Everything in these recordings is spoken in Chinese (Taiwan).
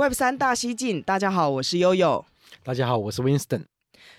Web 3大西進，大家好，我是 Yoyo。大家好，我是 Winston。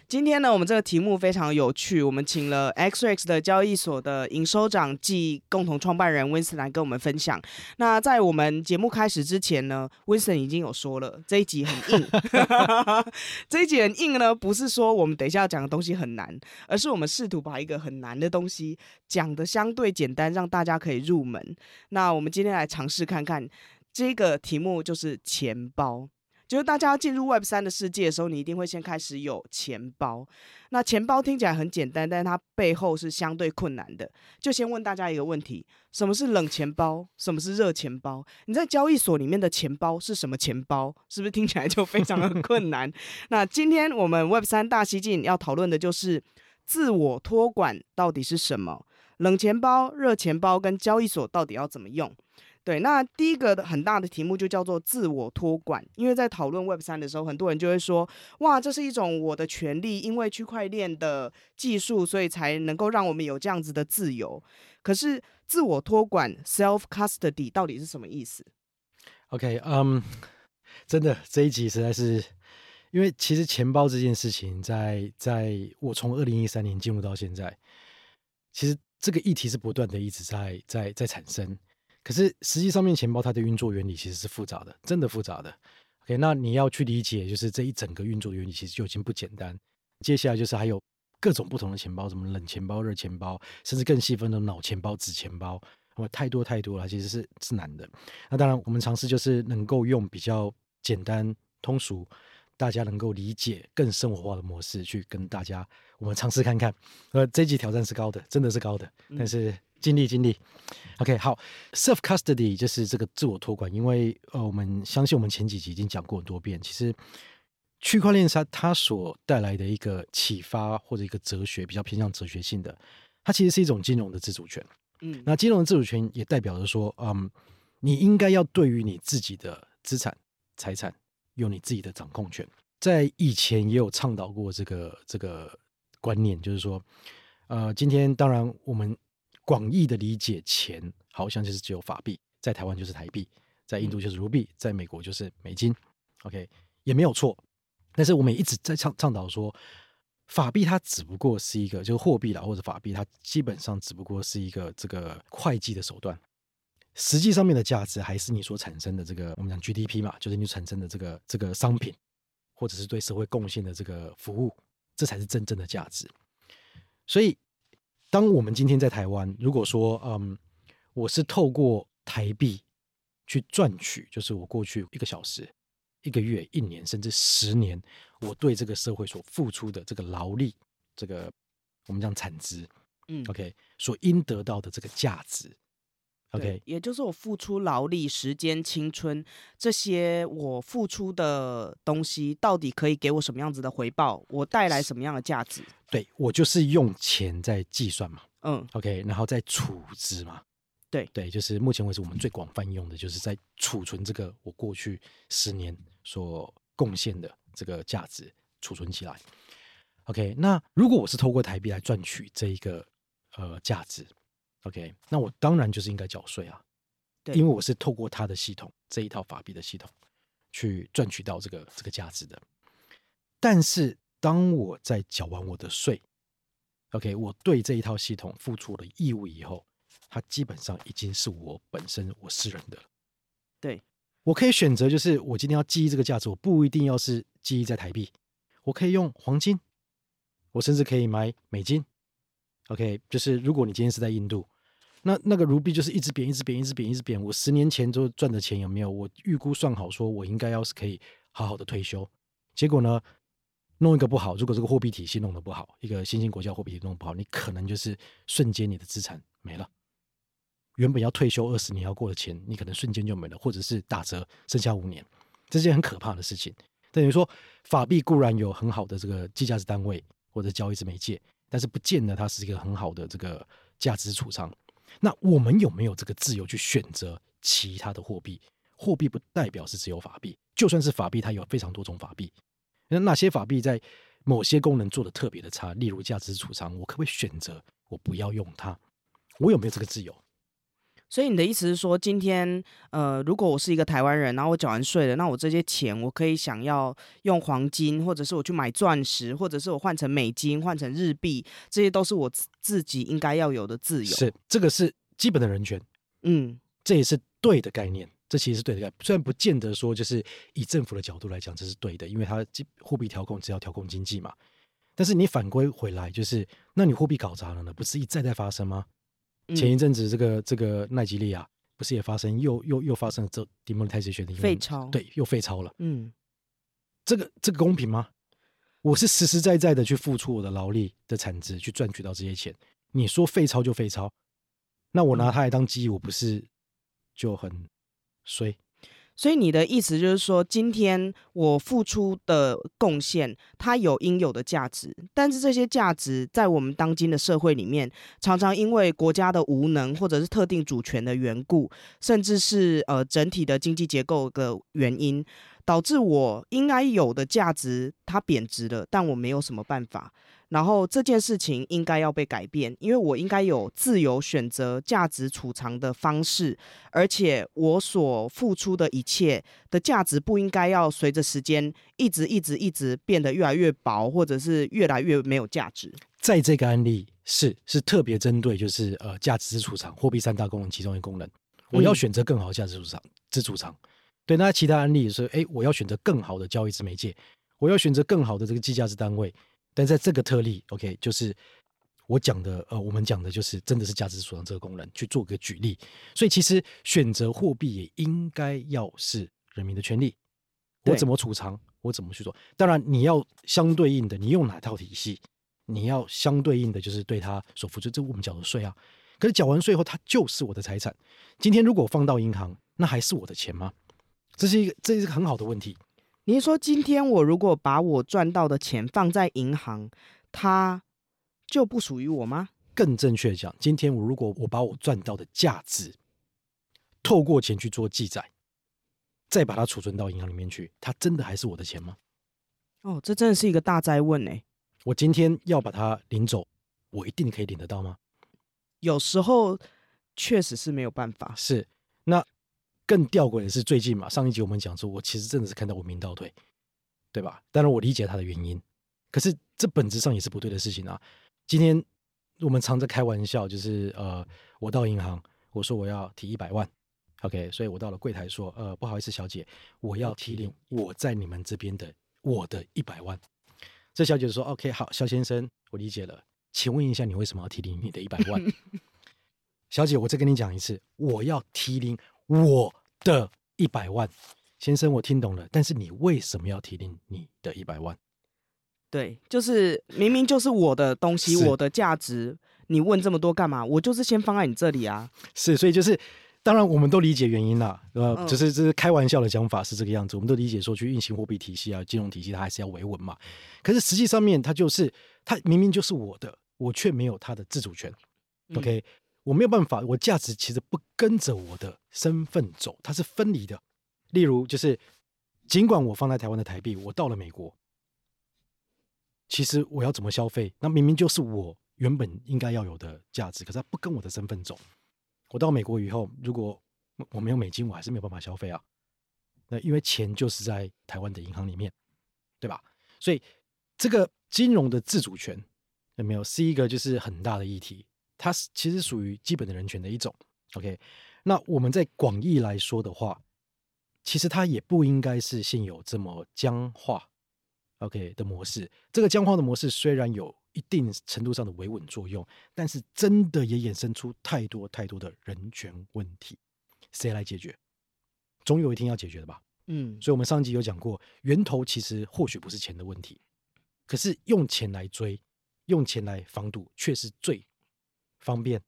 今天呢，我們這個題目非常有趣。我們請了 XREX 的交易所的營收長暨共同創辦人 Winston 來跟我們分享。那在我們節目開始之前呢，Winston 已經有說了，這一集很硬。 這一集很硬呢，不是說我們等一下要講的東西很難，而是我們試圖把一個很難的東西講得相對簡單，讓大家可以入門。那我們今天來嘗試看看。這個題目就是錢包，就是大家進入 Web 三的世界的時候，你一定會先開始有錢包。那錢包聽起來很簡單，但是它背後是相對困難的。就先問大家一個問題：什麼是冷錢包？什麼是熱錢包？你在交易所裡面的錢包是什麼錢包？是不是聽起來就非常的困難？ 那今天我們 Web 三大西進要討論的就是自我托管到底是什麼？冷錢包、熱錢包跟交易所到底要怎麼用？對，那第一個的很大的題目就叫做自我託管，因為在討論 Web 三的時候，很多人就會說，哇，這是一種我的權利，因為區塊鏈的技術，所以才能夠讓我們有這樣子的自由。可是，自我託管 （self custody） 到底是什麼意思？OK，嗯、um，真的這一集實在是，因為其實錢包這件事情在，在在我從二零一三年進入到現在，其實這個議題是不斷的一直在在在產生。可是實際上面錢包它的運作原理其實是複雜的，真的複雜的。OK，那你要去理解，就是這一整個運作原理其實就已經不簡單。接下來就是還有各種不同的錢包，什麼冷錢包、熱錢包，甚至更細分的腦錢包、紙錢包，那麼太多太多了，其實是是難的。那當然我們嘗試就是能夠用比較簡單通俗、大家能夠理解、更生活化的模式去跟大家，我們嘗試看看。呃，這一集挑戰是高的，真的是高的，嗯，但是。盡力，盡力。OK，好。Self custody 就是這個自我託管，因為呃，我們相信我們前幾集已經講過很多遍。其實，區塊鏈它它所帶來的一個啟發或者一個哲學，比較偏向哲學性的。它其實是一種金融的自主權。嗯，那金融的自主權也代表着說，嗯，你應該要對於你自己的資產、財產有你自己的掌控權。在以前也有倡導過這個這個觀念，就是說，呃，今天當然我們。廣義的理解，錢好像就是只有法幣，在台灣就是台幣，在印度就是盧幣，在美國就是美金。OK，也沒有錯。但是我們一直在倡倡導說，法幣它只不過是一個就是貨幣啦，或者法幣它基本上只不過是一個這個會計的手段。實際上面的價值還是你所產生的這個我們講 GDP 嘛，就是你產生的這個這個商品，或者是對社會貢獻的這個服務，這才是真正的價值。所以。當我們今天在台灣，如果說，嗯，我是透過台幣去賺取，就是我過去一個小時、一個月、一年，甚至十年，我對這個社會所付出的這個勞力，這個我們講產值，嗯，OK，所應得到的這個價值。OK，也就是我付出勞力、時間、青春這些我付出的東西，到底可以給我什麼樣子的回報？我帶來什麼樣的價值？對，我就是用錢在計算嘛，嗯，OK，然後再儲值嘛，對，對，就是目前為止我們最廣泛用的，就是在儲存這個我過去十年所貢獻的這個價值儲存起來。OK，那如果我是透過台幣來賺取這一個呃價值，OK，那我當然就是應該繳稅啊，對，因為我是透過他的系統，這一套法幣的系統去賺取到這個這個價值的。但是當我在繳完我的稅，OK，我對這一套系統付出我的義務以後，它基本上已經是我本身我私人的了。對，我可以選擇，就是我今天要記憶這個價值，我不一定要是記憶在台幣，我可以用黃金，我甚至可以買美金。OK，就是如果你今天是在印度，那那個盧比就是一直貶，一直貶，一直貶，一直貶。我十年前就賺的錢有沒有？我預估算好，說我應該要是可以好好的退休。結果呢，弄一個不好，如果這個貨幣體系弄得不好，一個新興國家貨幣體系弄不好，你可能就是瞬間你的資產沒了。原本要退休二十年要過的錢，你可能瞬間就沒了，或者是打折剩下五年，這是很可怕的事情。等於說法幣固然有很好的這個計價值單位或者交易之媒介。但是不見得它是一個很好的這個價值儲藏。那我們有沒有這個自由去選擇其他的貨幣？貨幣不代表是只有法幣，就算是法幣，它有非常多種法幣。那那些法幣在某些功能做的特別的差，例如價值儲藏，我可不可以選擇我不要用它？我有沒有這個自由？所以你的意思是說，今天，呃，如果我是一個台灣人，然後我繳完稅了，那我這些錢，我可以想要用黃金，或者是我去買鑽石，或者是我換成美金、換成日幣，這些都是我自己應該要有的自由。是，這個是基本的人權。嗯，這也是對的概念。這其實是對的概念，雖然不見得說就是以政府的角度來講，這是對的，因為它貨幣調控只要調控經濟嘛。但是你反歸回來，就是那你貨幣搞砸了呢？不是一再再發生嗎？前一陣子，這個、嗯、這個奈及利亞不是也發生又又又發生了這 demonetization 的廢鈔？對，又廢鈔了。嗯，這個這個公平嗎？我是實實在在的去付出我的勞力的產值去賺取到這些錢，你說廢鈔就廢鈔，那我拿它來當機，我不是就很衰？所以你的意思就是說，今天我付出的貢獻，它有應有的價值，但是這些價值在我們當今的社會裡面，常常因為國家的無能，或者是特定主權的緣故，甚至是呃整體的經濟結構的原因，導致我應該有的價值它貶值了，但我沒有什麼辦法。然後這件事情應該要被改變，因為我應該有自由選擇價值儲藏的方式，而且我所付出的一切的價值不應該要隨着時間一直一直一直變得越來越薄，或者是越來越沒有價值。在這個案例是是特別針對就是呃價值之儲藏，貨幣三大功能其中一個功能，我要選擇更好的價值儲藏之儲藏。對，那其他案例是哎，我要選擇更好的交易之媒介，我要選擇更好的這個計價值單位。但在這個特例，OK，就是我講的，呃，我們講的就是真的是價值儲藏這個功能去做個舉例。所以其實選擇貨幣也應該要是人民的權利。對我怎麼儲藏，我怎麼去做？當然你要相對應的，你用哪套體系，你要相對應的就是對它所付出，這我們繳的稅啊。可是繳完稅以後，它就是我的財產。今天如果放到銀行，那還是我的錢嗎？這是一個，這是一個很好的問題。你說今天我如果把我賺到的錢放在銀行，它就不屬於我嗎？更正確的講，今天我如果我把我賺到的價值透過錢去做記載，再把它儲存到銀行裡面去，它真的還是我的錢嗎？哦，這真的是一個大哉問誒！我今天要把它領走，我一定可以領得到嗎？有時候確實是沒有辦法。是那。更弔詭的是，最近嘛，上一集我們講說，我其實真的是看到文明倒退，對吧？當然我理解他的原因，可是這本質上也是不對的事情啊。今天我們常在開玩笑，就是呃，我到銀行，我說我要提一百萬，OK，所以我到了櫃台說，呃，不好意思，小姐，我要提領，我在你們這邊的我的一百萬。這小姐說，OK，好，蕭先生，我理解了，請問一下，你為什麼要提領？你的一百萬， 小姐，我再跟你講一次，我要提領，我的一百萬，先生，我聽懂了。但是你為什麼要提領你的一百萬？對，就是明明就是我的東西， 是我的價值，你問這麼多幹嘛？我就是先放在你這裡啊。是，所以就是，當然我們都理解原因了，呃，只、呃就是只、就是開玩笑的想法是這個樣子。我們都理解說去運行貨幣體系啊，金融體系它還是要維穩嘛。可是實際上面，它就是它明明就是我的，我卻沒有它的自主權。嗯、OK。我沒有辦法，我價值其實不跟着我的身份走，它是分離的。例如，就是儘管我放在台灣的台幣，我到了美國，其實我要怎麼消費？那明明就是我原本應該要有的價值，可是它不跟我的身份走。我到美國以後，如果我沒有美金，我還是沒有辦法消費啊。那因為錢就是在台灣的銀行裡面，對吧？所以這個金融的自主權，有沒有，是一個就是很大的議題。它其實屬於基本的人權的一種。OK，那我們在廣義來說的話，其實它也不應該是現有這麼僵化 OK 的模式。這個僵化的模式雖然有一定程度上的維穩作用，但是真的也衍生出太多太多的人權問題，誰來解決？總有一天要解決的吧。嗯，所以我們上集有講過，源頭其實或許不是錢的問題，可是用錢來追，用錢來防堵，卻是最。方便、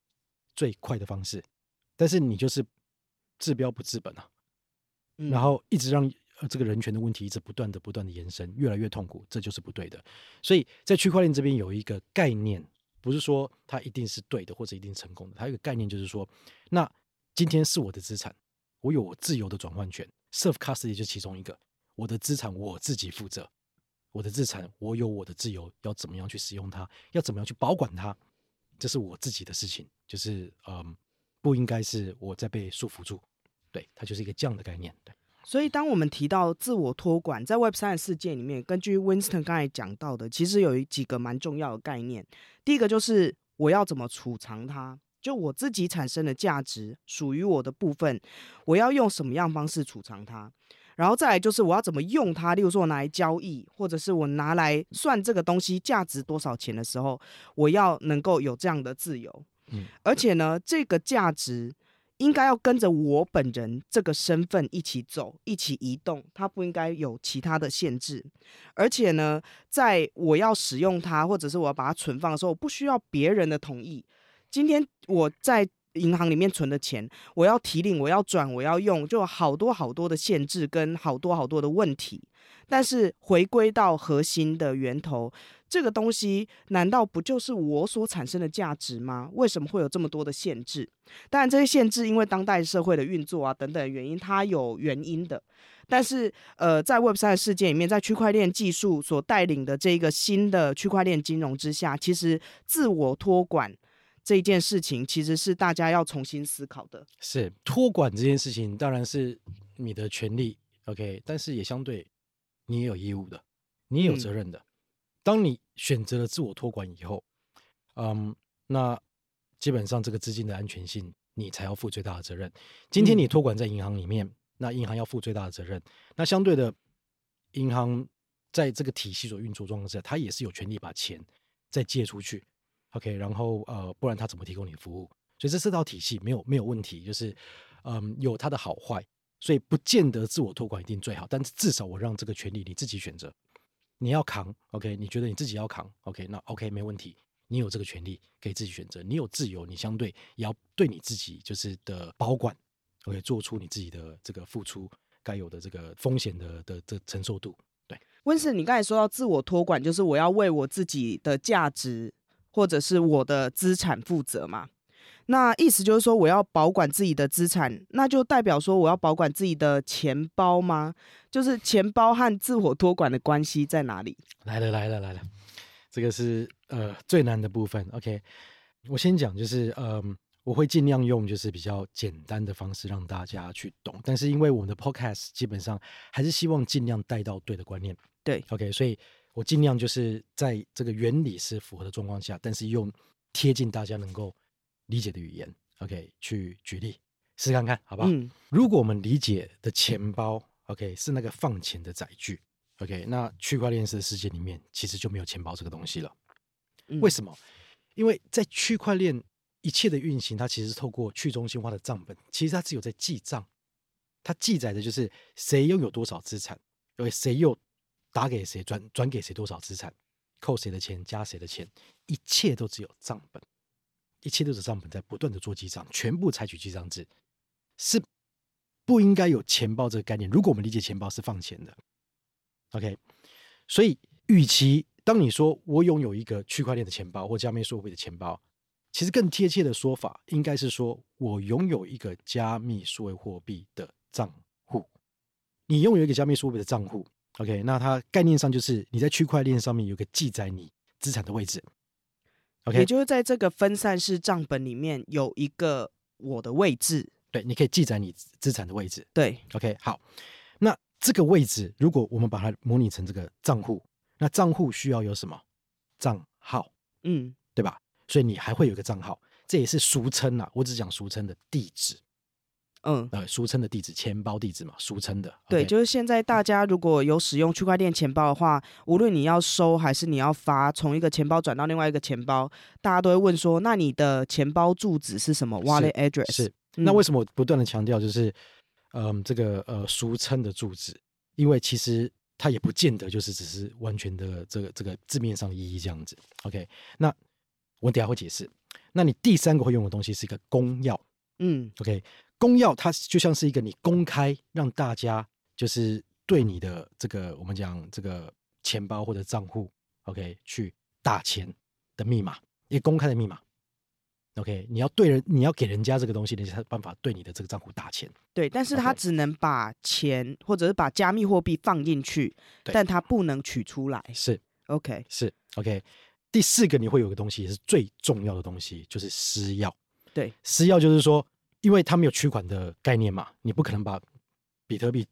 最快的方式，但是你就是治標不治本啊。嗯、然後一直讓這個人權的問題一直不斷的、不斷的延伸，越來越痛苦，這就是不對的。所以在區塊鏈這邊有一個概念，不是說它一定是對的或者一定成功的。它有一個概念就是說，那今天是我的資產，我有我自由的轉換權，Self Custody 也就是就其中一個。我的資產我自己負責，我的資產我有我的自由，要怎麼樣去使用它，要怎麼樣去保管它。這是我自己的事情，就是嗯，不應該是我在被束縛住，對，它就是一個這樣的概念，對，所以，當我們提到自我託管，在 Web 三的世界裡面，根據 Winston 剛才講到的，其實有幾個蠻重要的概念。第一個就是我要怎麼儲藏它，就我自己產生的價值，屬於我的部分，我要用什麼樣方式儲藏它。然後再來就是我要怎麼用它，例如說我拿來交易，或者是我拿來算這個東西價值多少錢的時候，我要能夠有這樣的自由。嗯，而且呢，這個價值應該要跟着我本人這個身份一起走、一起移動，它不應該有其他的限制。而且呢，在我要使用它，或者是我要把它存放的時候，我不需要別人的同意。今天我在。銀行裡面存的錢，我要提領，我要轉，我要用，就好多好多的限制跟好多好多的問題。但是回歸到核心的源頭，這個東西難道不就是我所產生的價值嗎？為什麼會有這麼多的限制？當然，這些限制因為當代社會的運作啊等等原因，它有原因的。但是，呃，在 Web 三的世界裡面，在區塊鏈技術所帶領的這一個新的區塊鏈金融之下，其實自我托管。這一件事情其實是大家要重新思考的。是託管這件事情，當然是你的權利，OK，但是也相對你也有義務的，你也有責任的。嗯、當你選擇了自我託管以後，嗯，那基本上這個資金的安全性，你才要負最大的責任。今天你託管在銀行裡面，嗯、那銀行要負最大的責任。那相對的，銀行在這個體系所運作狀況下，它也是有權利把錢再借出去。OK，然後呃，不然他怎麼提供你的服務？所以這這套體系沒有沒有問題，就是嗯有它的好壞，所以不見得自我託管一定最好，但至少我讓這個權利你自己選擇，你要扛 OK，你覺得你自己要扛 OK，那 OK 沒問題，你有這個權利可以自己選擇，你有自由，你相對也要對你自己就是的保管 OK，做出你自己的這個付出該有的這個風險的的這承受度。對，Winston，你剛才說到自我託管，就是我要為我自己的價值。或者是我的資產負責嘛？那意思就是說我要保管自己的資產，那就代表說我要保管自己的錢包嗎？就是錢包和自我托管的關係在哪裡？來了來了來了，這個是呃最難的部分。OK，我先講，就是嗯、呃，我會盡量用就是比較簡單的方式讓大家去懂，但是因為我們的 Podcast 基本上還是希望盡量帶到對的觀念。對，OK，所以。我盡量就是在這個原理是符合的狀況下，但是用貼近大家能夠理解的語言，OK，去舉例，試試看看，好不好？嗯、如果我們理解的錢包，OK，是那個放錢的載具，OK，那區塊鏈式的世界裡面其實就沒有錢包這個東西了。嗯、為什麼？因為在區塊鏈一切的運行，它其實是透過去中心化的賬本，其實它只有在記賬，它記載的就是誰擁有多少資產，因為誰又。打給誰轉，轉轉給誰多少資產，扣誰的錢，加誰的錢，一切都只有賬本，一切都是賬本在不斷的做記賬，全部採取記賬制，是不應該有錢包這個概念。如果我們理解錢包是放錢的，OK，所以，與其當你說我擁有一個區塊鏈的錢包或加密數位幣的錢包，其實更貼切的說法應該是說我擁有一個加密數位貨幣的賬戶。你擁有一個加密數位的賬戶。OK，那它概念上就是你在區塊鏈上面有個記載你資產的位置，OK，也就是在這個分散式賬本裡面有一個我的位置，對，你可以記載你資產的位置，對，OK，好，那這個位置如果我們把它模擬成這個賬戶，那賬戶需要有什麼？賬號，嗯，對吧？所以你還會有個賬號，這也是俗稱啦，我只講俗稱的地址。嗯，呃，俗稱的地址，錢包地址嘛，俗稱的。對，okay 就是現在大家如果有使用區塊鏈錢包的話，無論你要收還是你要發，從一個錢包轉到另外一個錢包，大家都會問說，那你的錢包住址是什麼？Wallet address 是。是。嗯、那為什麼我不斷的強調，就是，嗯、呃，這個呃，俗稱的住址，因為其實它也不見得就是只是完全的這個這個字面上的意義這樣子。OK，那我等一下會解釋。那你第三個會用的東西是一個公鑰。嗯。OK。公鑰它就像是一個你公開讓大家就是對你的這個我們講這個錢包或者賬戶，OK 去打錢的密碼，一個公開的密碼。OK，你要對人，你要給人家這個東西，人家才有辦法對你的這個賬戶打錢。對，但是他只能把錢 okay 或者是把加密貨幣放進去，對但他不能取出來。是 OK，是 OK。第四個你會有個東西，也是最重要的東西，就是私鑰。對，私鑰就是說。因為他沒有取款的概念嘛，你不可能把比特幣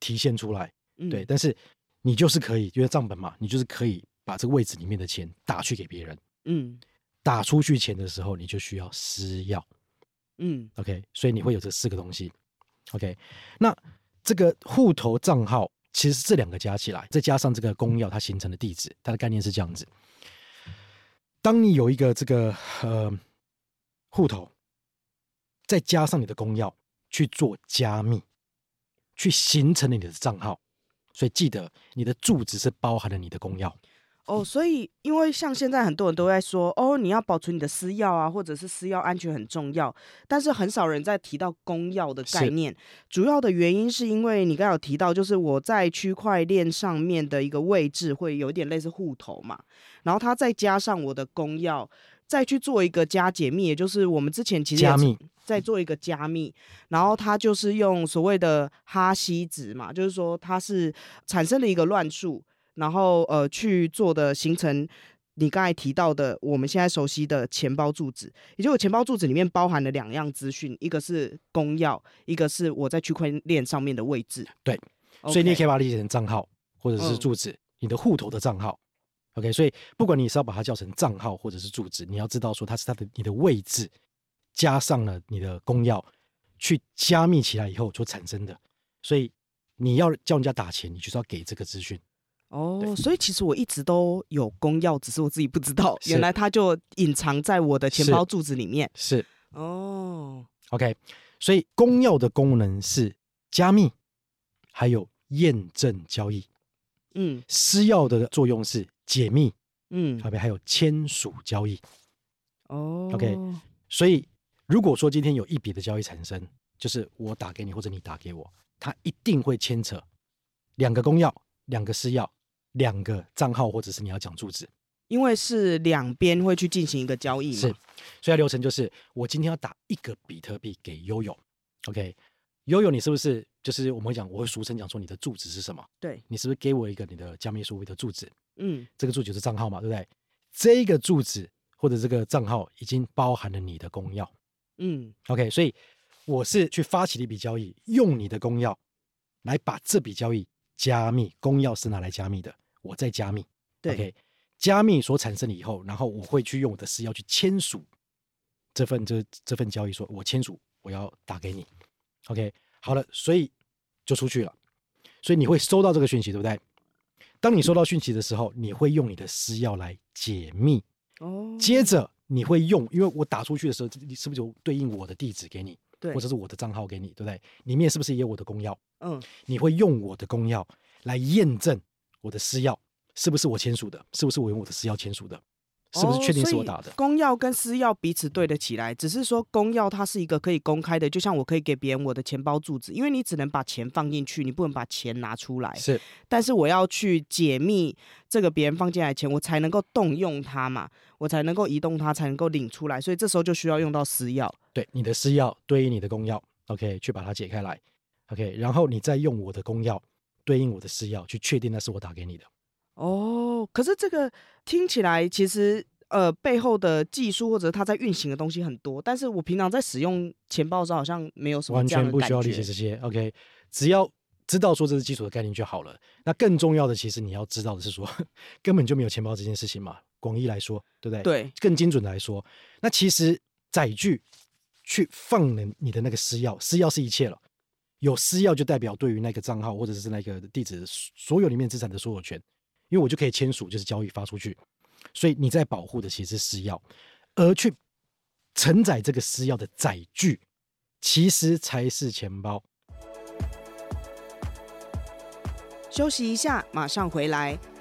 提現出來，嗯，對。但是你就是可以，因為賬本嘛，你就是可以把這個位置裡面的錢打去給別人。嗯，打出去錢的時候，你就需要私鑰。嗯，OK，所以你會有這四個東西。OK，那這個戶頭賬號，其實是這兩個加起來，再加上這個公鑰，它形成的地址，它的概念是這樣子：當你有一個這個呃戶頭。再加上你的公鑰去做加密，去形成了你的賬號，所以記得你的住址是包含了你的公鑰。哦，所以因為像現在很多人都在說，哦，你要保存你的私鑰啊，或者是私鑰安全很重要，但是很少人在提到公鑰的概念。是主要的原因是因為你剛才有提到，就是我在區塊鏈上面的一個位置會有點類似戶頭嘛，然後它再加上我的公鑰。再去做一個加解密，也就是我們之前其實加密再做一個加密，加密然後它就是用所謂的哈希值嘛，就是說它是產生了一個亂數，然後呃去做的形成你剛才提到的我們現在熟悉的錢包住址，也就是錢包住址裡面包含了兩樣資訊，一個是公鑰，一個是我在區塊鏈上面的位置。對，okay, 所以你可以把它理解成賬號或者是住址，嗯、你的戶頭的賬號。OK，所以不管你是要把它叫成賬號或者是住址，你要知道說它是它的，你的位置加上了你的公鑰，去加密起來以後所產生的。所以你要叫人家打錢，你就是要給這個資訊。哦，對所以其實我一直都有公鑰，只是我自己不知道，是原來它就隱藏在我的錢包住址裡面。是，是哦，OK，所以公鑰的功能是加密，還有驗證交易。嗯，私鑰的作用是解密。嗯，旁邊還有簽署交易。哦，OK。所以，如果說今天有一筆的交易產生，就是我打給你或者你打給我，他一定會牽扯兩個公鑰、兩個私鑰、兩個賬號，或者是你要講住址，因為是兩邊會去進行一個交易。是，所以流程就是我今天要打一個比特幣給 Yoyo，OK？Yoyo，你是不是？就是我們會講，我會俗稱講說你的住址是什麼？對，你是不是給我一個你的加密所謂的住址？嗯，這個住址就是賬號嘛，對不對？這個住址或者這個賬號已經包含了你的公鑰。嗯，OK，所以我是去發起了一筆交易，用你的公鑰來把這筆交易加密。公鑰是拿來加密的，我再加密。對，OK，加密所產生的以後，然後我會去用我的私鑰去簽署這份這、就是、這份交易說，說我簽署，我要打給你。OK。好了，所以就出去了，所以你會收到這個訊息，對不對？當你收到訊息的時候，你會用你的私鑰來解密哦。接着你會用，因為我打出去的時候，你是不是就對應我的地址給你？對，或者是我的賬號給你，對不對？裡面是不是也有我的公鑰？嗯，你會用我的公鑰來驗證我的私鑰是不是我簽署的，是不是我用我的私鑰簽署的？是不是確定是我打的？哦，公鑰跟私鑰彼此對得起來，只是說公鑰它是一個可以公開的，就像我可以給別人我的錢包住址，因為你只能把錢放進去，你不能把錢拿出來。是，但是我要去解密這個別人放進來的錢，我才能夠動用它嘛，我才能夠移動它，才能夠領出來，所以這時候就需要用到私鑰。對，你的私鑰對應你的公鑰，OK，去把它解開來，OK，然後你再用我的公鑰對應我的私鑰，去確定那是我打給你的。哦，可是這個聽起來其實，呃，背後的技術或者它在運行的東西很多，但是我平常在使用錢包的時候好像沒有什麼的，完全不需要理解這些。OK，只要知道說這是基礎的概念就好了。那更重要的，其實你要知道的是說，根本就沒有錢包這件事情嘛。廣義來說，對不對？對。更精準的來說，那其實載具去放了你的那個私鑰，私鑰是一切了。有私鑰就代表對於那個賬號或者是那個地址所有裡面資產的所有權。因為我就可以簽署，就是交易發出去，所以你在保護的其實是私鑰，而去承載這個私鑰的載具，其實才是錢包。休息一下，馬上回來。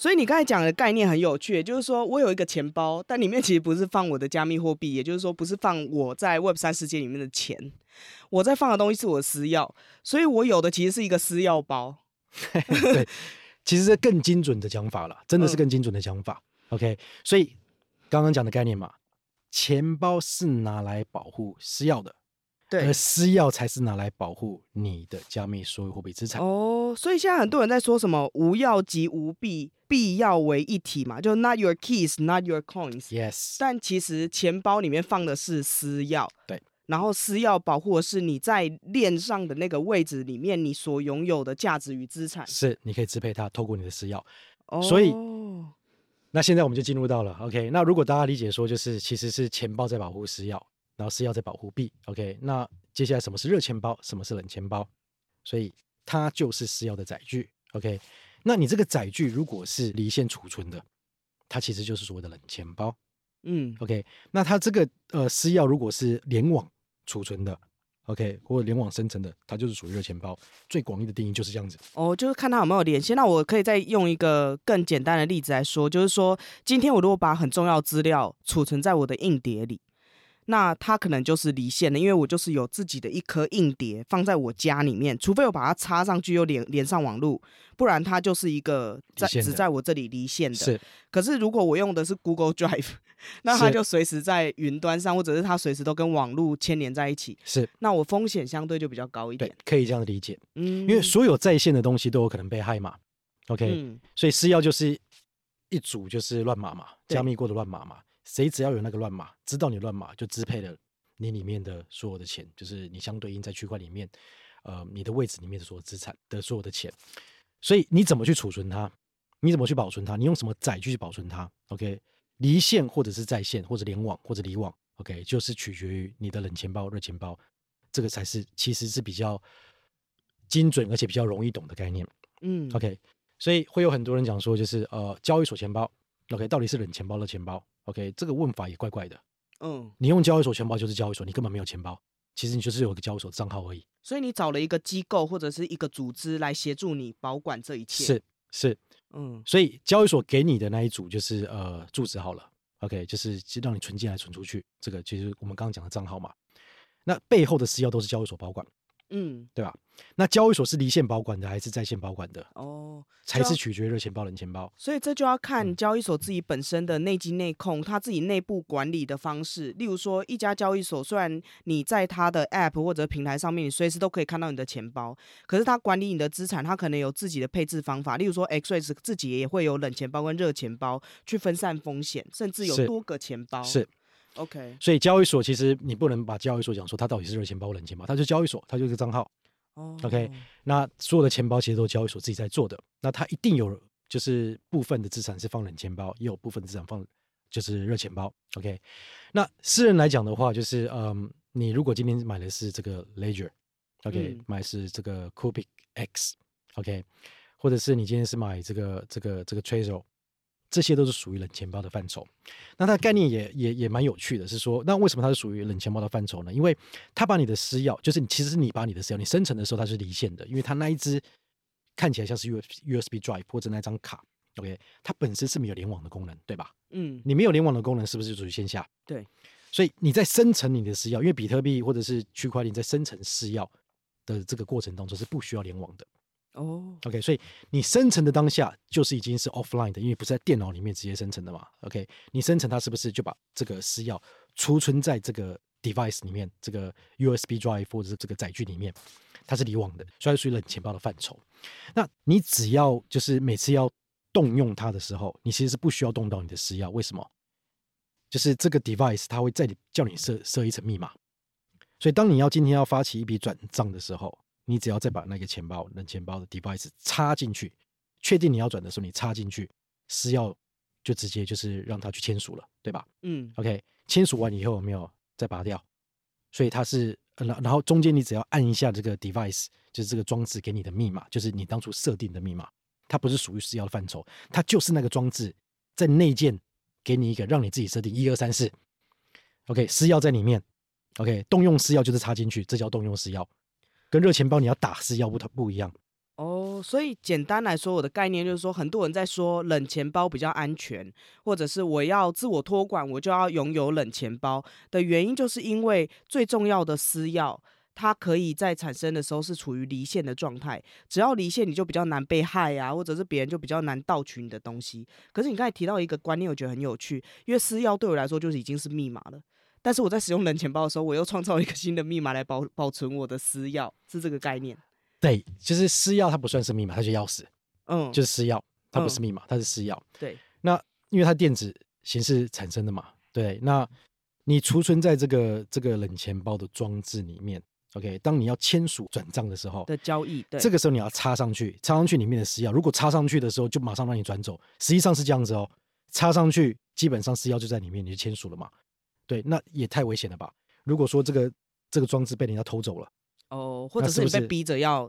所以你剛才講的概念很有趣，也就是說我有一個錢包，但裡面其實不是放我的加密貨幣，也就是說不是放我在 Web3 世界裡面的錢，我在放的東西是我私鑰，所以我有的其實是一個私鑰包。 對，其實是更精準的講法了，真的是更精準的講法。嗯、OK，所以剛剛講的概念嘛，錢包是拿來保護私鑰的。對而私鑰才是拿來保護你的加密所有貨幣資產哦，oh, 所以現在很多人在說什麼「無鑰即無幣，幣鑰為一體」嘛，就 not your keys, not your coins。Yes。但其實錢包裡面放的是私鑰，對。然後私鑰保護的是你在鏈上的那個位置裡面你所擁有的價值與資產，是你可以支配它，透過你的私鑰。哦。Oh. 所以，那現在我們就進入到了 OK。那如果大家理解說，就是其實是錢包在保護私鑰。然後私鑰在保護幣，OK？那接下來什麼是熱錢包，什麼是冷錢包？所以它就是私鑰的載具，OK？那你這個載具如果是離線儲存的，它其實就是所謂的冷錢包，嗯，OK？那它這個呃私鑰如果是聯網儲存的，OK？或者聯網生成的，它就是屬於熱錢包。最廣義的定義就是這樣子。哦，就是看它有沒有連線。那我可以再用一個更簡單的例子來說，就是說今天我如果把很重要資料儲存在我的硬碟裡。那它可能就是離線的，因為我就是有自己的一顆硬碟放在我家裡面，除非我把它插上去又連連上網絡，不然它就是一個在只在我這裡離線的。是，可是如果我用的是 Google Drive，那它就隨時在雲端上，是，或者是它隨時都跟網絡牽連在一起。是，那我風險相對就比較高一點。對，可以這樣理解。嗯，因為所有在線的東西都有可能被害嘛。OK，嗯，所以私鑰就是一組就是亂碼嘛，加密過的亂碼嘛。誰只要有那個亂碼，知道你亂碼，就支配了你裡面的所有的錢，就是你相對應在區塊裡面，呃，你的位置裡面的所有資產的所有的錢。所以你怎麼去儲存它？你怎麼去保存它？你用什麼載具去保存它？OK，離線或者是在線，或者聯網或者離網，OK，就是取決於你的冷錢包、熱錢包，這個才是其實是比較精準而且比較容易懂的概念。嗯，OK，所以會有很多人講說，就是呃，交易所錢包。OK，到底是冷錢包、熱錢包？OK，這個問法也怪怪的。嗯，你用交易所錢包就是交易所，你根本沒有錢包，其實你就是有一個交易所賬號而已。所以你找了一個機構或者是一個組織來協助你保管這一切。是是，是嗯，所以交易所給你的那一組就是呃，住址好了，OK，就是讓你存進來、存出去，這個就是我們剛剛講的賬號嘛。那背後的私鑰都是交易所保管。嗯，對吧？那交易所是離線保管的還是在線保管的？哦、啊、才是取決於熱錢包冷錢包。所以這就要看交易所自己本身的內稽內控，嗯、他自己內部管理的方式。例如說，一家交易所雖然你在它的 App 或者平台上面，你隨時都可以看到你的錢包，可是他管理你的資產，他可能有自己的配置方法。例如說，XREX 自己也會有冷錢包跟熱錢包去分散風險，甚至有多個錢包。是。是 OK，所以交易所其實你不能把交易所講說它到底是熱錢包冷錢包，它就交易所，它就是個賬號。哦、oh.，OK，那所有的錢包其實都是交易所自己在做的，那它一定有就是部分的資產是放冷錢包，也有部分資產放就是熱錢包。OK，那私人來講的話，就是嗯，你如果今天買的是這個 Ledger，OK，、okay? 嗯、買的是這個 CoolBitX，OK，、okay? 或者是你今天是買這個這個這個 Trezor。這些都是屬於冷錢包的範疇，那它的概念也也也蠻有趣的，是說，那為什麼它是屬於冷錢包的範疇呢？因為它把你的私鑰，就是你其實你把你的私鑰，你生成的時候它是離線的，因為它那一支看起來像是 U U S B Drive 或者那張卡，OK，它本身是沒有聯網的功能，對吧？嗯，你沒有聯網的功能，是不是就屬於線下？對，所以你在生成你的私鑰，因為比特幣或者是區塊鏈在生成私鑰的這個過程當中是不需要聯網的。哦、oh.，OK，所以你生成的當下就是已經是 offline 的，因為不是在電腦裡面直接生成的嘛。OK，你生成它是不是就把這個私鑰儲存在這個 device 裡面，這個 USB drive 或者是這個載具裡面？它是離網的，所以屬於冷錢包的範疇。那你只要就是每次要動用它的時候，你其實是不需要動到你的私鑰。為什麼？就是這個 device 它會再叫你設設一層密碼。所以當你要今天要發起一筆轉賬的時候。你只要再把那個錢包，那錢包的 device 插進去，確定你要轉的時候，你插進去私鑰就直接就是讓他去簽署了，對吧？嗯，OK，簽署完以後有沒有再拔掉，所以它是、呃、然後中間你只要按一下這個 device，就是這個裝置給你的密碼，就是你當初設定的密碼，它不是屬於私鑰的範疇，它就是那個裝置在內建給你一個讓你自己設定一二三四，OK，私鑰在裡面，OK，動用私鑰就是插進去，這叫動用私鑰。跟熱錢包你要打私鑰，不它不一樣哦，oh，所以簡單來說，我的概念就是說，很多人在說冷錢包比較安全，或者是我要自我托管，我就要擁有冷錢包的原因，就是因為最重要的私鑰它可以在產生的時候是處於離線的狀態，只要離線你就比較難被害啊，或者是別人就比較難盜取你的東西。可是你剛才提到一個觀念，我覺得很有趣，因為私鑰對我來說就是已經是密碼了。但是我在使用冷錢包的時候，我又創造一個新的密碼來保保存我的私鑰，是這個概念。對，就是私鑰它不算是密碼，它叫鑰匙。嗯，就是私鑰它不是密碼，嗯，它是私鑰。對，那因為它電子形式產生的嘛，對，那你儲存在這個這個冷錢包的裝置裡面。OK，當你要簽署轉賬的時候的交易，對，這個時候你要插上去，插上去裡面的私鑰，如果插上去的時候就馬上讓你轉走，實際上是這樣子哦，插上去基本上私鑰就在裡面，你就簽署了嘛。對，那也太危險了吧？如果說這個這個裝置被人家偷走了，哦、oh,，或者是你被逼着要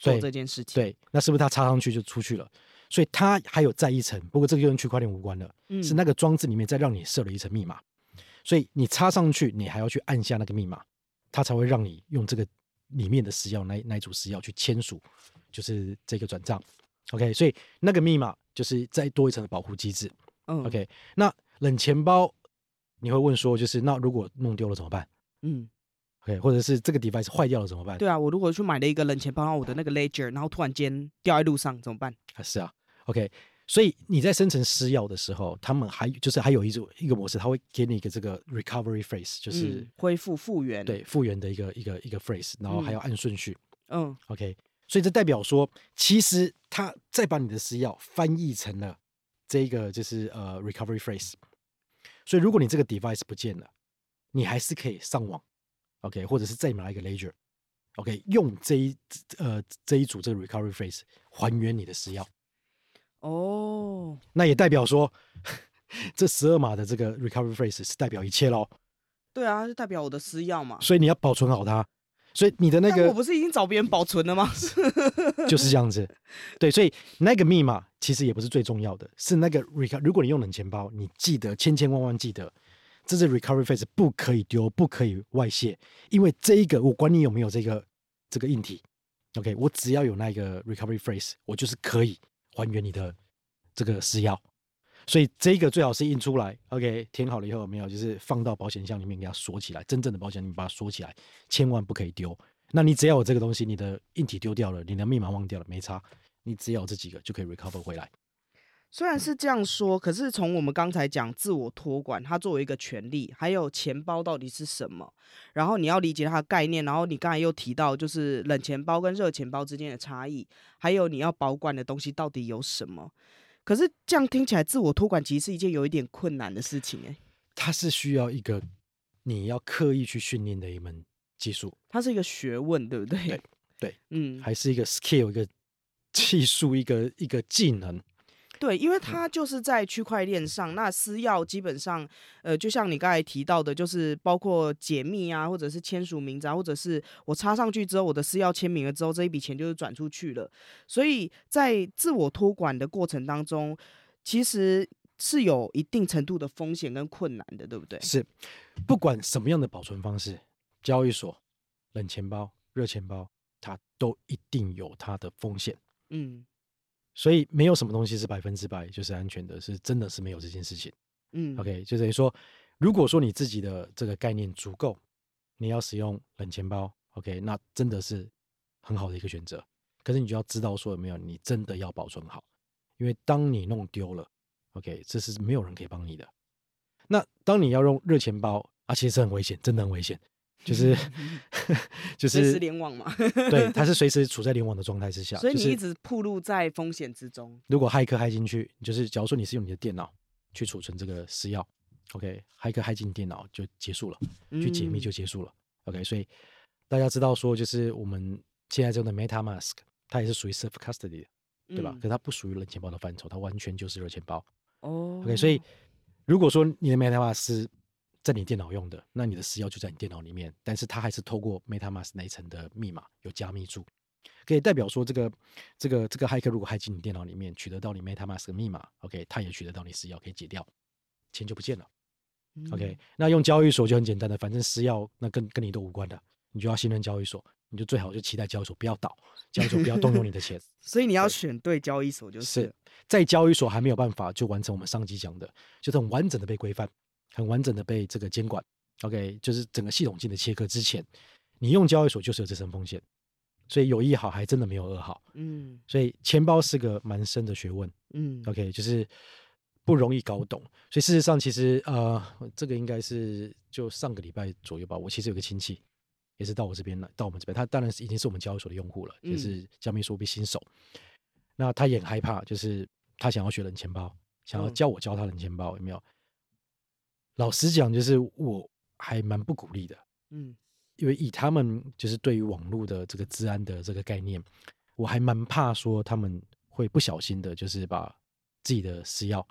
做這件事情對，對，那是不是他插上去就出去了？所以他還有再一層，不過這個就跟區塊鏈無關了，嗯、是那個裝置裡面再讓你設了一層密碼，所以你插上去，你還要去按下那個密碼，它才會讓你用這個裡面的私鑰，那那組私鑰去簽署，就是這個轉賬。OK，所以那個密碼就是再多一層的保護機制。嗯、OK，那冷錢包。你會問說，就是那如果弄丟了怎麼辦？嗯，OK，或者是這個 device 壞掉了怎麼辦？對啊，我如果去買了一個冷錢包，我的那個 ledger，然後突然間掉在路上怎麼辦？是啊，是啊，OK，所以你在生成私鑰的時候，他們還就是還有一種一個模式，他會給你一個這個 recovery phrase，就是、嗯、恢復復原，對復原的一個一個一個 phrase，然後還要按順序，嗯，OK，所以這代表說，其實他再把你的私鑰翻譯成了這一個就是呃 recovery phrase。所以，如果你這個 device 不見了，你還是可以上網，OK，或者是再買一個 Ledger，OK，用這一呃這一組這個 recovery phrase 還原你的私鑰。哦，oh, 那也代表說，呵呵這十二碼的這個 recovery phrase 是代表一切嘍？對啊，是代表我的私鑰嘛？所以你要保存好它。所以你的那個，我不是已經找別人保存了嗎？就是這樣子，對，所以那個密碼其實也不是最重要的，是那個 recovery。如果你用冷錢包，你記得千千萬萬記得，這是 recovery phrase，不可以丟，不可以外泄，因為這一個，我管你有沒有這個這個硬體，OK，我只要有那個 recovery phrase，我就是可以還原你的這個私鑰。所以這個最好是印出來，OK，填好了以後有沒有，就是放到保險箱裡面給它鎖起來。真正的保險箱你把它鎖起來，千萬不可以丟。那你只要有這個東西，你的硬體丟掉了，你的密碼忘掉了，沒差，你只要有這幾個就可以 recover 回來。雖然是這樣說，可是從我們剛才講自我託管，它作為一個權利，還有錢包到底是什麼，然後你要理解它的概念，然後你剛才又提到就是冷錢包跟熱錢包之間的差異，還有你要保管的東西到底有什麼。可是這樣聽起來，自我託管其實是一件有一點困難的事情誒、欸。它是需要一個你要刻意去訓練的一門技術，它是一個學問，對不對？對對，對，嗯，還是一個 skill，一個技術，一個一個技能。對，因為它就是在區塊鏈上，嗯，那私鑰基本上，呃，就像你剛才提到的，就是包括解密啊，或者是簽署名字啊，或者是我插上去之後，我的私鑰簽名了之後，這一筆錢就是轉出去了。所以在自我託管的過程當中，其實是有一定程度的風險跟困難的，對不對？是，不管什麼樣的保存方式，交易所、冷錢包、熱錢包，它都一定有它的風險。嗯。所以沒有什麼東西是百分之百就是安全的，是真的是沒有這件事情。嗯，OK，就等於說，如果說你自己的這個概念足夠，你要使用冷錢包，OK，那真的是很好的一個選擇。可是你就要知道說有沒有你真的要保存好，因為當你弄丟了，OK，這是沒有人可以幫你的。那當你要用熱錢包啊，其實很危險，真的很危險。就是、嗯嗯、 就是隨時聯網嘛， 對，它是隨時處在聯網的狀態之下，所以你一直暴露在風險之中。就是、如果駭客駭進去，就是假如說你是用你的電腦去儲存這個私鑰，OK，駭客駭進電腦就結束了，嗯、去解密就結束了，OK。所以大家知道說，就是我們現在這種的 MetaMask，它也是屬於 Self Custody 的，嗯、對吧？可是它不屬於冷錢包的範疇，它完全就是熱錢包。哦，OK。所以如果說你的 MetaMask 在你電腦用的，那你的私鑰就在你電腦裡面，但是它還是透過 MetaMask 那一層的密碼有加密住，可以代表說這個這個這個黑客如果 h 進你電腦裡面取得到你 MetaMask 的密碼，OK，它也取得到你私鑰，可以解掉，錢就不見了。OK，、嗯、那用交易所就很簡單的，反正私鑰那跟跟你都無關的，你就要信任交易所，你就最好就期待交易所不要倒，交易所不要動用你的錢。 所以你要選對交易所，就是，是在交易所還沒有辦法就完成我們上集講的，就是很完整的被規範。很完整的被這個監管，OK，就是整個系統性的切割之前，你用交易所就是有這層風險，所以有一好還真的沒有二好，嗯，所以錢包是個蠻深的學問，嗯，OK，就是不容易搞懂，所以事實上其實呃，這個應該是就上個禮拜左右吧，我其實有個親戚也是到我這邊來到我們這邊，他當然是已經是我們交易所的用戶了，就、嗯、是加密貨幣新手，那他也很害怕，就是他想要學冷錢包，想要教我教他冷錢包、嗯、有沒有？老實講，就是我還蠻不鼓勵的，嗯，因為以他們就是對於網絡的這個資安的這個概念，我還蠻怕說他們會不小心的，就是把自己的私鑰、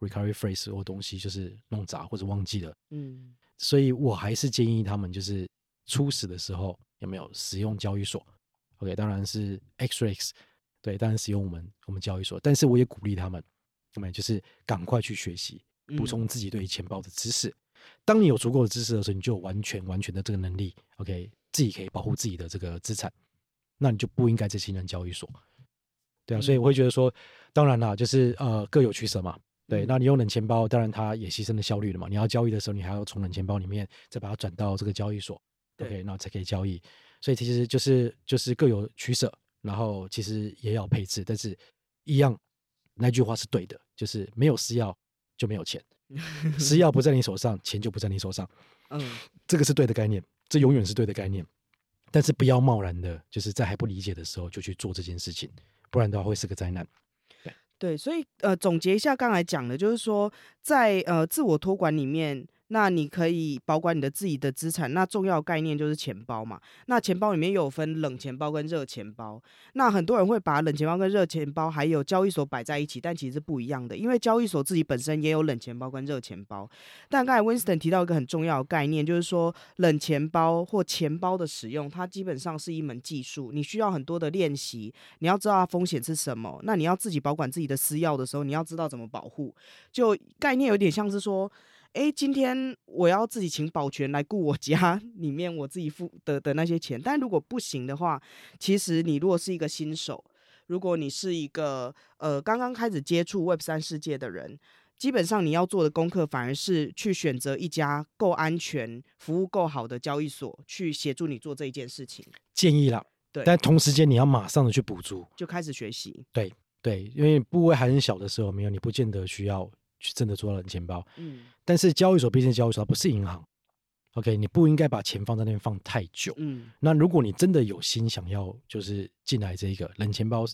recovery phrase 或東西就是弄砸或者忘記了，嗯，所以我還是建議他們就是初始的時候有沒有使用交易所，OK，當然是 XREX，對，當然使用我們我們交易所，但是我也鼓勵他們，怎麼就是趕快去學習。補充自己對於錢包的知識。嗯、當你有足夠的知識的時候，你就有完全完全的這個能力，OK，自己可以保護自己的這個資產。那你就不應該再信任交易所，對啊。所以我會覺得說，嗯、當然啦，就是呃各有取捨嘛。對，嗯、那你用冷錢包，當然它也犧牲了效率了嘛。你要交易的時候，你還要從冷錢包裡面再把它轉到這個交易所，OK，對那才可以交易。所以其實就是就是各有取捨，然後其實也要配置，但是一樣那一句話是對的，就是沒有私鑰，就沒有錢，鑰匙不在你手上， 錢就不在你手上。嗯，這個是對的概念，這永遠是對的概念，但是不要貿然的，就是在還不理解的時候就去做這件事情，不然的話會是個災難。對，對，所以呃，總結一下剛才講的，就是說在呃，自我托管裡面。那你可以保管你的自己的資產。那重要概念就是錢包嘛。那錢包裡面又有分冷錢包跟熱錢包。那很多人會把冷錢包跟熱錢包還有交易所擺在一起，但其實是不一樣的，因為交易所自己本身也有冷錢包跟熱錢包。但剛才 Winston 提到一個很重要的概念，就是說冷錢包或錢包的使用，它基本上是一門技術，你需要很多的練習。你要知道它風險是什麼。那你要自己保管自己的私鑰的時候，你要知道怎麼保護。就概念有點像是說。哎，今天我要自己請保全來顧我家裡面，我自己付的的那些錢。但如果不行的話，其實你如果是一個新手，如果你是一個呃剛剛開始接觸 Web3 世界的人，基本上你要做的功課反而是去選擇一家夠安全、服務夠好的交易所去協助你做這一件事情。建議啦，對。但同時間你要馬上的去補足，就開始學習。對對，因為部位還很小的時候，沒有，你不見得需要。去真的做到冷錢包，嗯，但是交易所畢竟交易所它不是銀行，OK？你不應該把錢放在那邊放太久，嗯。那如果你真的有心想要，就是進來這一個冷錢包，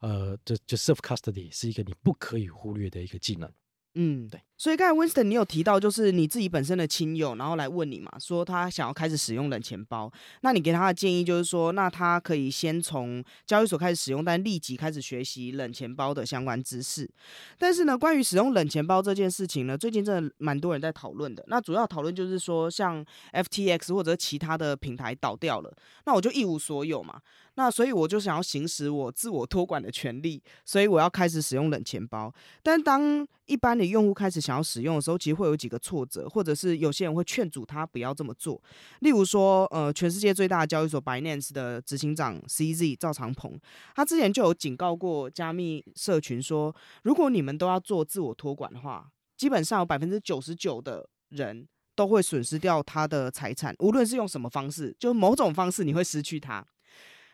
呃，就就 self custody 是一個你不可以忽略的一個技能，嗯，對。所以剛才 Winston 你有提到，就是你自己本身的親友，然後來問你嘛，說他想要開始使用冷錢包，那你給他的建議就是說，那他可以先從交易所開始使用，但立即開始學習冷錢包的相關知識。但是呢，關於使用冷錢包這件事情呢，最近真的蠻多人在討論的。那主要討論就是說，像 FTX 或者其他的平台倒掉了，那我就一無所有嘛。那所以我就想要行使我自我託管的權利，所以我要開始使用冷錢包。但當一般的用戶開始想要使用的時候，其實會有幾個挫折，或者是有些人會勸阻他不要這麼做。例如說，呃，全世界最大的交易所 Binance 的執行長 CZ 趙長鵬，他之前就有警告過加密社群說，如果你們都要做自我托管的話，基本上有百分之九十九的人都會損失掉他的財產，無論是用什麼方式，就某種方式你會失去他。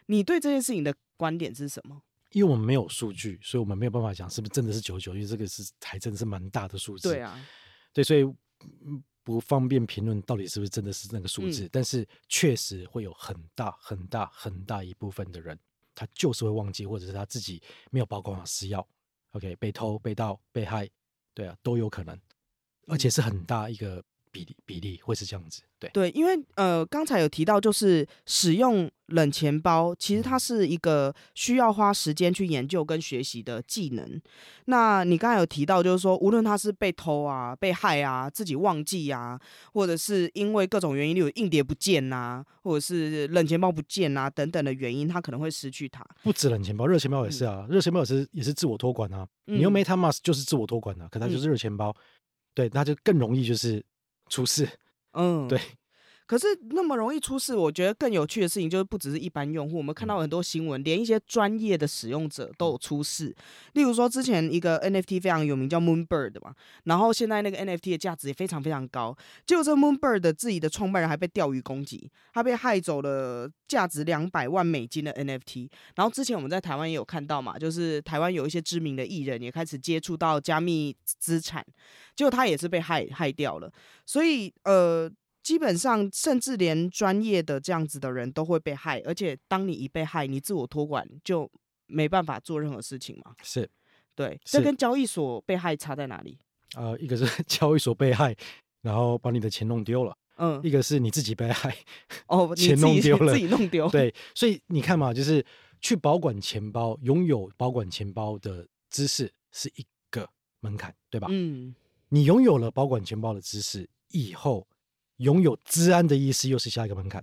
你對這件事情的觀點是什麼？因為我們沒有數據，所以我們沒有辦法講是不是真的是九九，因為這個是還真的是蠻大的數字，對啊，對，所以不方便評論到底是不是真的是那個數字，嗯、但是確實會有很大很大很大一部分的人，他就是會忘記，或者是他自己沒有保管好私鑰，OK，被偷、被盜、被害，對啊，都有可能，而且是很大一個。比例比例會是這樣子，對對，因為呃，剛才有提到，就是使用冷錢包，其實它是一個需要花時間去研究跟學習的技能。那你剛才有提到，就是說，無論它是被偷啊、被害啊、自己忘記啊，或者是因為各種原因，例如硬碟不見啊，或者是冷錢包不見啊等等的原因，它可能會失去它。不止冷錢包，熱錢包也是啊，嗯、熱錢包也是也是自我托管啊。嗯、你用 MetaMask 就是自我托管的、啊，可它就是熱錢包，嗯、對，那就更容易就是。廚師，嗯，對。可是那麼容易出事，我覺得更有趣的事情就是不只是一般用戶，我們看到很多新聞，連一些專業的使用者都有出事。例如說，之前一個 NFT 非常有名，叫 Moonbird 嘛，然後現在那個 NFT 的價值也非常非常高，結果這 Moonbird 的自己的創辦人還被釣魚攻擊，他被害走了價值兩百萬美金的 NFT。然後之前我們在台灣也有看到嘛，就是台灣有一些知名的藝人也開始接觸到加密資產，結果他也是被害害掉了。所以呃。基本上，甚至連專業的這樣子的人都會被害，而且當你一被害，你自我託管就沒辦法做任何事情嘛。是，對。是。這跟交易所被害差在哪裡？呃，一個是交易所被害，然後把你的錢弄丟了。嗯，一個是你自己被害，哦，錢弄丟了，自己，自己弄丟。對，所以你看嘛，就是去保管錢包，擁有保管錢包的知識是一個門檻，對吧？嗯，你擁有了保管錢包的知識以後。擁有資安的意思，又是下一個門檻，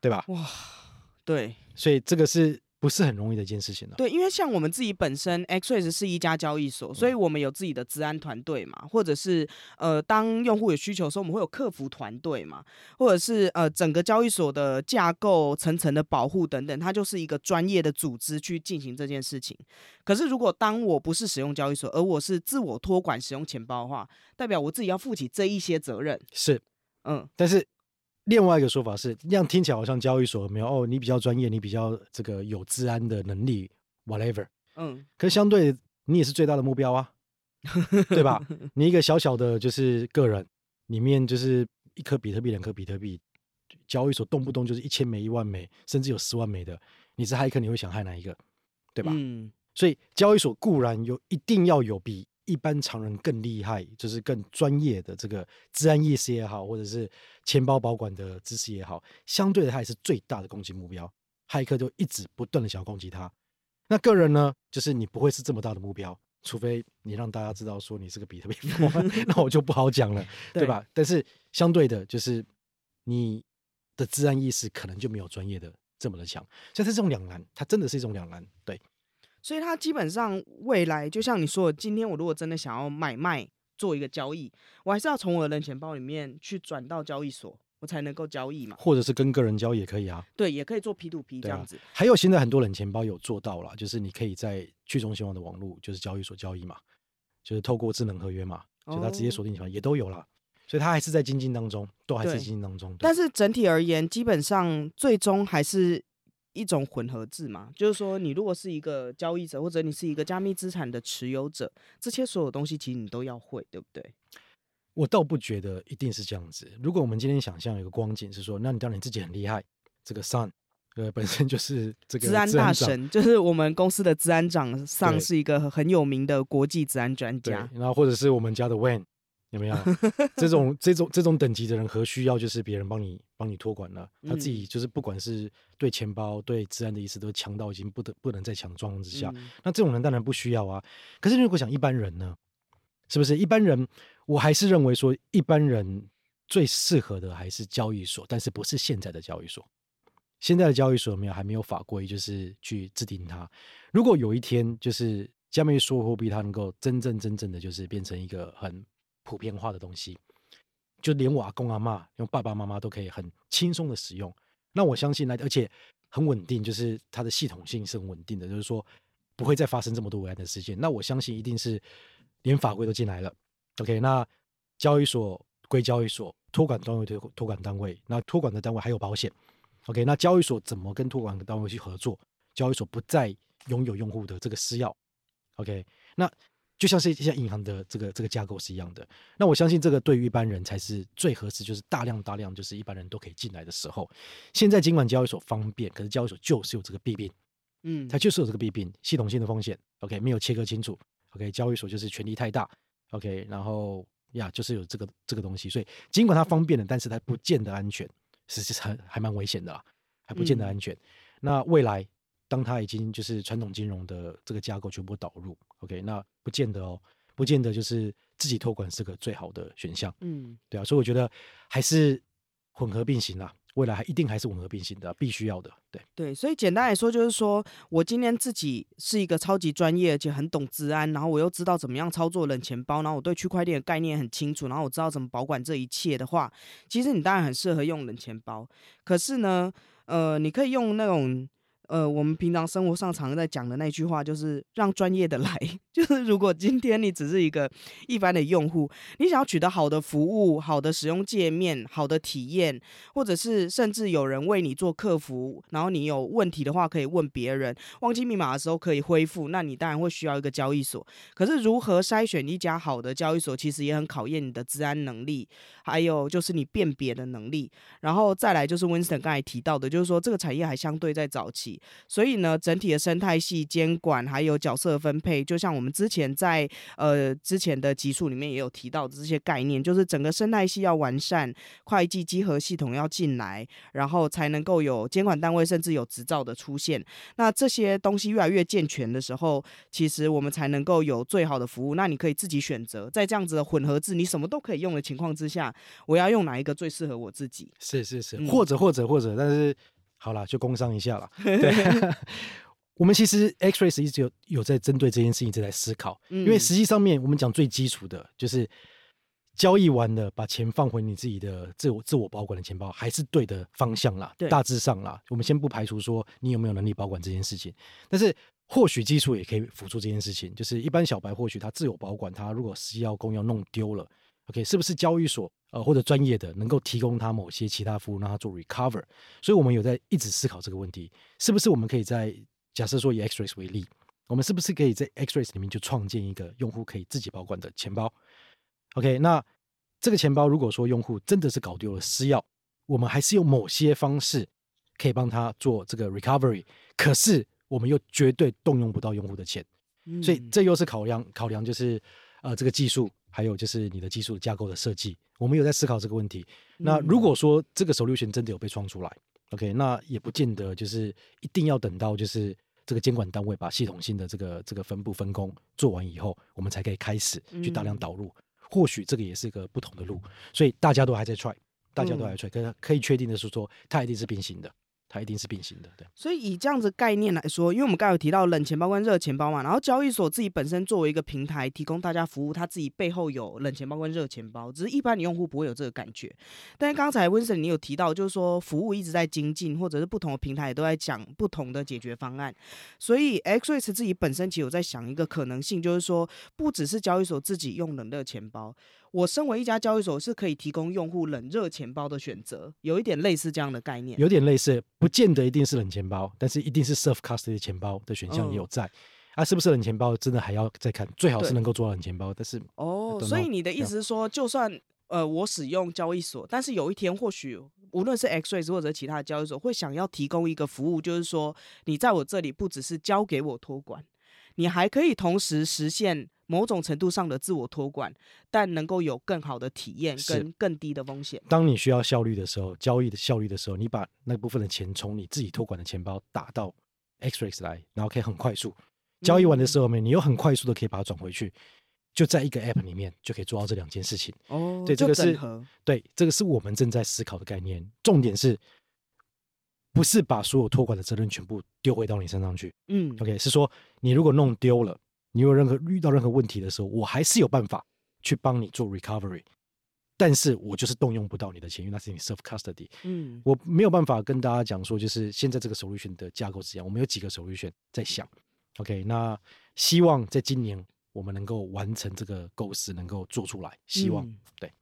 對吧？哇，對，所以這個是不是很容易的一件事情呢？對，因為像我們自己本身，XREX 是一家交易所，所以我們有自己的資安團隊嘛，嗯、或者是呃，當用戶有需求的時候，我們會有客服團隊嘛，或者是呃，整個交易所的架構層層的保護等等，它就是一個專業的組織去進行這件事情。可是，如果當我不是使用交易所，而我是自我托管使用錢包的話，代表我自己要負起這一些責任，是。嗯，但是另外一個說法是，這樣聽起來好像交易所沒有哦，你比較專業，你比較這個有資安的能力，whatever。嗯，可是相對你也是最大的目標啊， 對吧？你一個小小的就是個人，裡面就是一顆比特幣、兩顆比特幣，交易所動不動就是一千枚、一萬枚，甚至有十萬枚的，你是駭客，你會想駭哪一個，對吧？嗯，所以交易所固然有，一定要有弊。一般常人更厲害，就是更專業的這個資安意識、也好，或者是錢包保管的知識也好，相對的它也是最大的攻擊目標。駭客就一直不斷的想要攻擊他。那個人呢，就是你不會是這麼大的目標，除非你讓大家知道說你是個比特幣， 那我就不好講了， 對吧？對，但是相對的，就是你的資安意識可能就沒有專業的這麼的強，像是這種兩難，它真的是一種兩難，對。所以它基本上未來就像你說的，今天我如果真的想要買賣做一個交易，我還是要從我的冷錢包裡面去轉到交易所，我才能夠交易嘛。或者是跟個人交易也可以啊。對，也可以做 P2P 這樣子啊。還有現在很多冷錢包有做到了，就是你可以在去中心網的網絡，就是交易所交易嘛，就是透過智能合約嘛，就它直接鎖定起來也都有了。哦、所以它還是在經濟當中，都還是經濟當中。對對但是整體而言，基本上最終還是。一種混合制嘛，就是說，你如果是一個交易者，或者你是一個加密資產的持有者，這些所有東西其實你都要會，對不對？我倒不覺得一定是這樣子。如果我們今天想象有一個光景是說，那你當然你自己很厲害，這個 Sun，呃，本身就是這個。資安大神對對就是我們公司的資安長，<對 >Sun 是一個很有名的國際資安專家。然後或者是我們家的 Wayne 有沒有這種這種這種等級的人何需要就是別人幫你幫你託管呢、啊？他自己就是不管是對錢包、對資安的意識都強到已經不得不能再強狀況之下，嗯、那這種人當然不需要啊。可是如果想一般人呢，是不是一般人？我還是認為說一般人最適合的還是交易所，但是不是現在的交易所？現在的交易所有沒有還沒有法規就是去制定它？如果有一天就是加密數字貨幣它能夠真正真正的就是變成一個很。普遍化的東西，就連我阿公阿嬤用爸爸媽媽都可以很輕鬆的使用。那我相信，那而且很穩定，就是它的系統性是很穩定的，就是說不會再發生這麼多危害的事件。那我相信，一定是連法規都進來了。OK，那交易所歸交易所託管單位，托託管單位，那託管的單位還有保險。OK，那交易所怎麼跟託管的單位去合作？交易所不再擁有用戶的這個私鑰。OK，那。就像是一家銀行的這個這個架構是一樣的，那我相信這個對於一般人才是最合適，就是大量大量就是一般人都可以進來的時候。現在儘管交易所方便，可是交易所就是有這個弊病，嗯，它就是有這個弊病，系統性的風險。OK，沒有切割清楚。OK，交易所就是權力太大。OK，然後呀，就是有這個這個東西，所以儘管它方便了，但是它不見得安全，實際上還蠻危險的，還不見得安全。嗯、那未來，當它已經就是傳統金融的這個架構全部導入，OK，那不見得哦，不見得就是自己託管是個最好的選項。嗯，對啊，所以我覺得還是混合並行啦，未來還一定還是混合並行的，必須要的。對對，所以簡單來說就是說，我今天自己是一個超級專業，而且很懂資安，然後我又知道怎麼樣操作冷錢包，然後我對區塊鏈的概念很清楚，然後我知道怎麼保管這一切的話，其實你當然很適合用冷錢包。可是呢，呃，你可以用那種。呃，我們平常生活上常在講的那句話就是“讓專業的來”。就是如果今天你只是一個一般的用戶，你想要取得好的服務、好的使用界面、好的體驗，或者是甚至有人為你做客服，然後你有問題的話可以問別人，忘記密碼的時候可以恢復，那你當然會需要一個交易所。可是如何篩選一家好的交易所，其實也很考驗你的資安能力，還有就是你辨別的能力。然後再來就是 Winston 剛才提到的，就是說這個產業還相對在早期。所以呢，整體的生態系監管還有角色分配，就像我們之前在呃之前的集數裡面也有提到的這些概念，就是整個生態系要完善，會計稽核系統要進來，然後才能夠有監管單位甚至有執照的出現。那這些東西越來越健全的時候，其實我們才能夠有最好的服務。那你可以自己選擇，在這樣子的混合制，你什麼都可以用的情況之下，我要用哪一個最適合我自己？是是是，嗯、或者或者或者，但是。好了，就工商一下了。對， 我們其實 XREX 一直有有在針對這件事情一直在思考，因為實際上面我們講最基礎的，嗯、就是交易完了把錢放回你自己的自我自我保管的錢包，還是對的方向啦。對大致上啦，我們先不排除說你有沒有能力保管這件事情，但是或許基礎也可以輔助這件事情。就是一般小白，或許他自我保管，他如果私鑰公鑰，要弄丟了。OK，是不是交易所呃或者專業的能夠提供他某些其他服務，讓他做 recover？所以我們有在一直思考這個問題，是不是我們可以在假設說以 XREX 為例，我們是不是可以在 XREX 裡面就創建一個用戶可以自己保管的錢包？OK，那這個錢包如果說用戶真的是搞丟了私鑰，我們還是用某些方式可以幫他做這個 recovery，可是我們又絕對動用不到用戶的錢，嗯、所以這又是考量考量就是。呃，這個技術，還有就是你的技術架構的設計，我們有在思考這個問題。那如果說這個 solution 真的有被創出來，嗯、OK，那也不見得就是一定要等到就是這個監管單位把系統性的這個這個分部分工做完以後，我們才可以開始去大量導入。嗯、或許這個也是一個不同的路，嗯、所以大家都還在 try，大家都還在 try，可可以確定的是說，它一定是並行的。它一定是並行的，對。所以以這樣子概念來說，因為我們剛才有提到冷錢包跟熱錢包嘛，然後交易所自己本身作為一個平台，提供大家服務，它自己背後有冷錢包跟熱錢包，只是一般的用戶不會有這個感覺。但是剛才 Winston 你有提到，就是說服務一直在精進，或者是不同的平台都在講不同的解決方案。所以 XREX 交易所自己本身其實有在想一個可能性，就是說不只是交易所自己用冷熱錢包。我身為一家交易所，是可以提供用戶冷熱錢包的選擇，有一點類似這樣的概念，有點類似，不見得一定是冷錢包，但是一定是 self custody 錢包的選項也有在。嗯、啊，是不是冷錢包真的還要再看？最好是能夠做冷錢包，對但是哦，oh, know, 所以你的意思是說，就算呃我使用交易所，但是有一天或許無論是 XREX 或者其他的交易所會想要提供一個服務，就是說你在我這裡不只是交給我託管。你還可以同時實現某種程度上的自我託管，但能夠有更好的體驗跟更低的風險。當你需要效率的時候，交易的效率的時候，你把那部分的錢從你自己託管的錢包打到 XREX 來，然後可以很快速交易完的時候，面、嗯、你又很快速的可以把它轉回去，就在一個 App 裡面就可以做到這兩件事情。哦，對，合這個是對，這個是我們正在思考的概念。重點是。不是把所有託管的責任全部丟回到你身上去，嗯，OK，是說你如果弄丟了，你有任何遇到任何問題的時候，我還是有辦法去幫你做 recovery，但是我就是動用不到你的錢，因為那是你 self custody，嗯，我沒有辦法跟大家講說，就是現在這個 SOLUTION 的架構怎樣，我們有幾個 SOLUTION 在想，OK，那希望在今年我們能夠完成這個構思，能夠做出來，希望、嗯、對。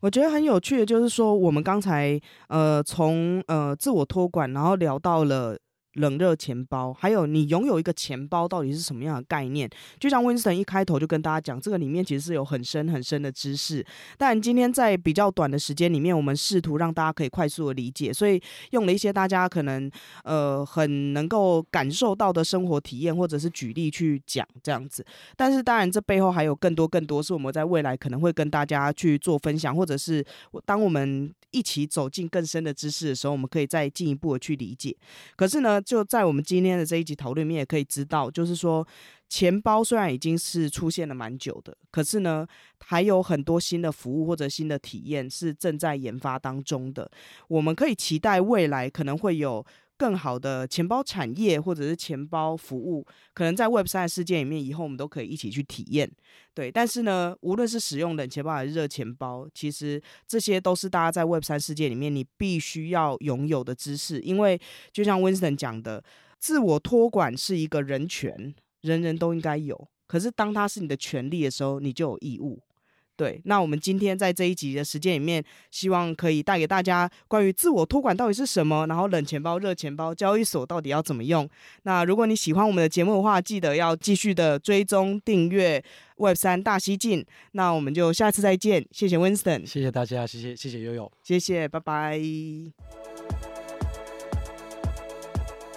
我覺得很有趣的，就是說，我們剛才呃，從呃自我託管，然後聊到了。冷熱錢包，還有你擁有一個錢包到底是什麼樣的概念？就像 Winston 一開頭就跟大家講，這個裡面其實是有很深很深的知識。但今天在比較短的時間裡面，我們試圖讓大家可以快速的理解，所以用了一些大家可能呃很能夠感受到的生活體驗或者是舉例去講這樣子。但是當然，這背後還有更多更多，是我們在未來可能會跟大家去做分享，或者是當我們一起走進更深的知識的時候，我們可以再進一步的去理解。可是呢，就在我們今天的這一集討論裡面，也可以知道，就是說，錢包雖然已經是出現了蠻久的，可是呢，還有很多新的服務或者新的體驗是正在研發當中的。我們可以期待未來可能會有。更好的錢包產業或者是錢包服務，可能在 Web3 世界裡面，以後我們都可以一起去體驗。對，但是呢，無論是使用冷錢包還是熱錢包，其實這些都是大家在 Web 3世界裡面你必須要擁有的知識。因為就像 Winston 講的，自我托管是一個人權，人人都應該有。可是當它是你的權利的時候，你就有義務。對，那我們今天在這一集的時間裡面，希望可以帶給大家關於自我託管到底是什麼，然後冷錢包、熱錢包、交易所到底要怎麼用。那如果你喜歡我們的節目的話，記得要繼續的追蹤訂閱 Web3 大西進。那我們就下次再見，謝謝 Winston，謝謝大家，謝謝謝謝 Yoyo，謝謝，拜拜。